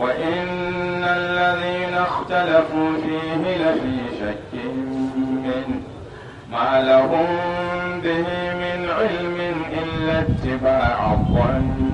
وإن الذين اختلفوا فيه لفي شك منه ما لهم به من علم إلا اتباع الظن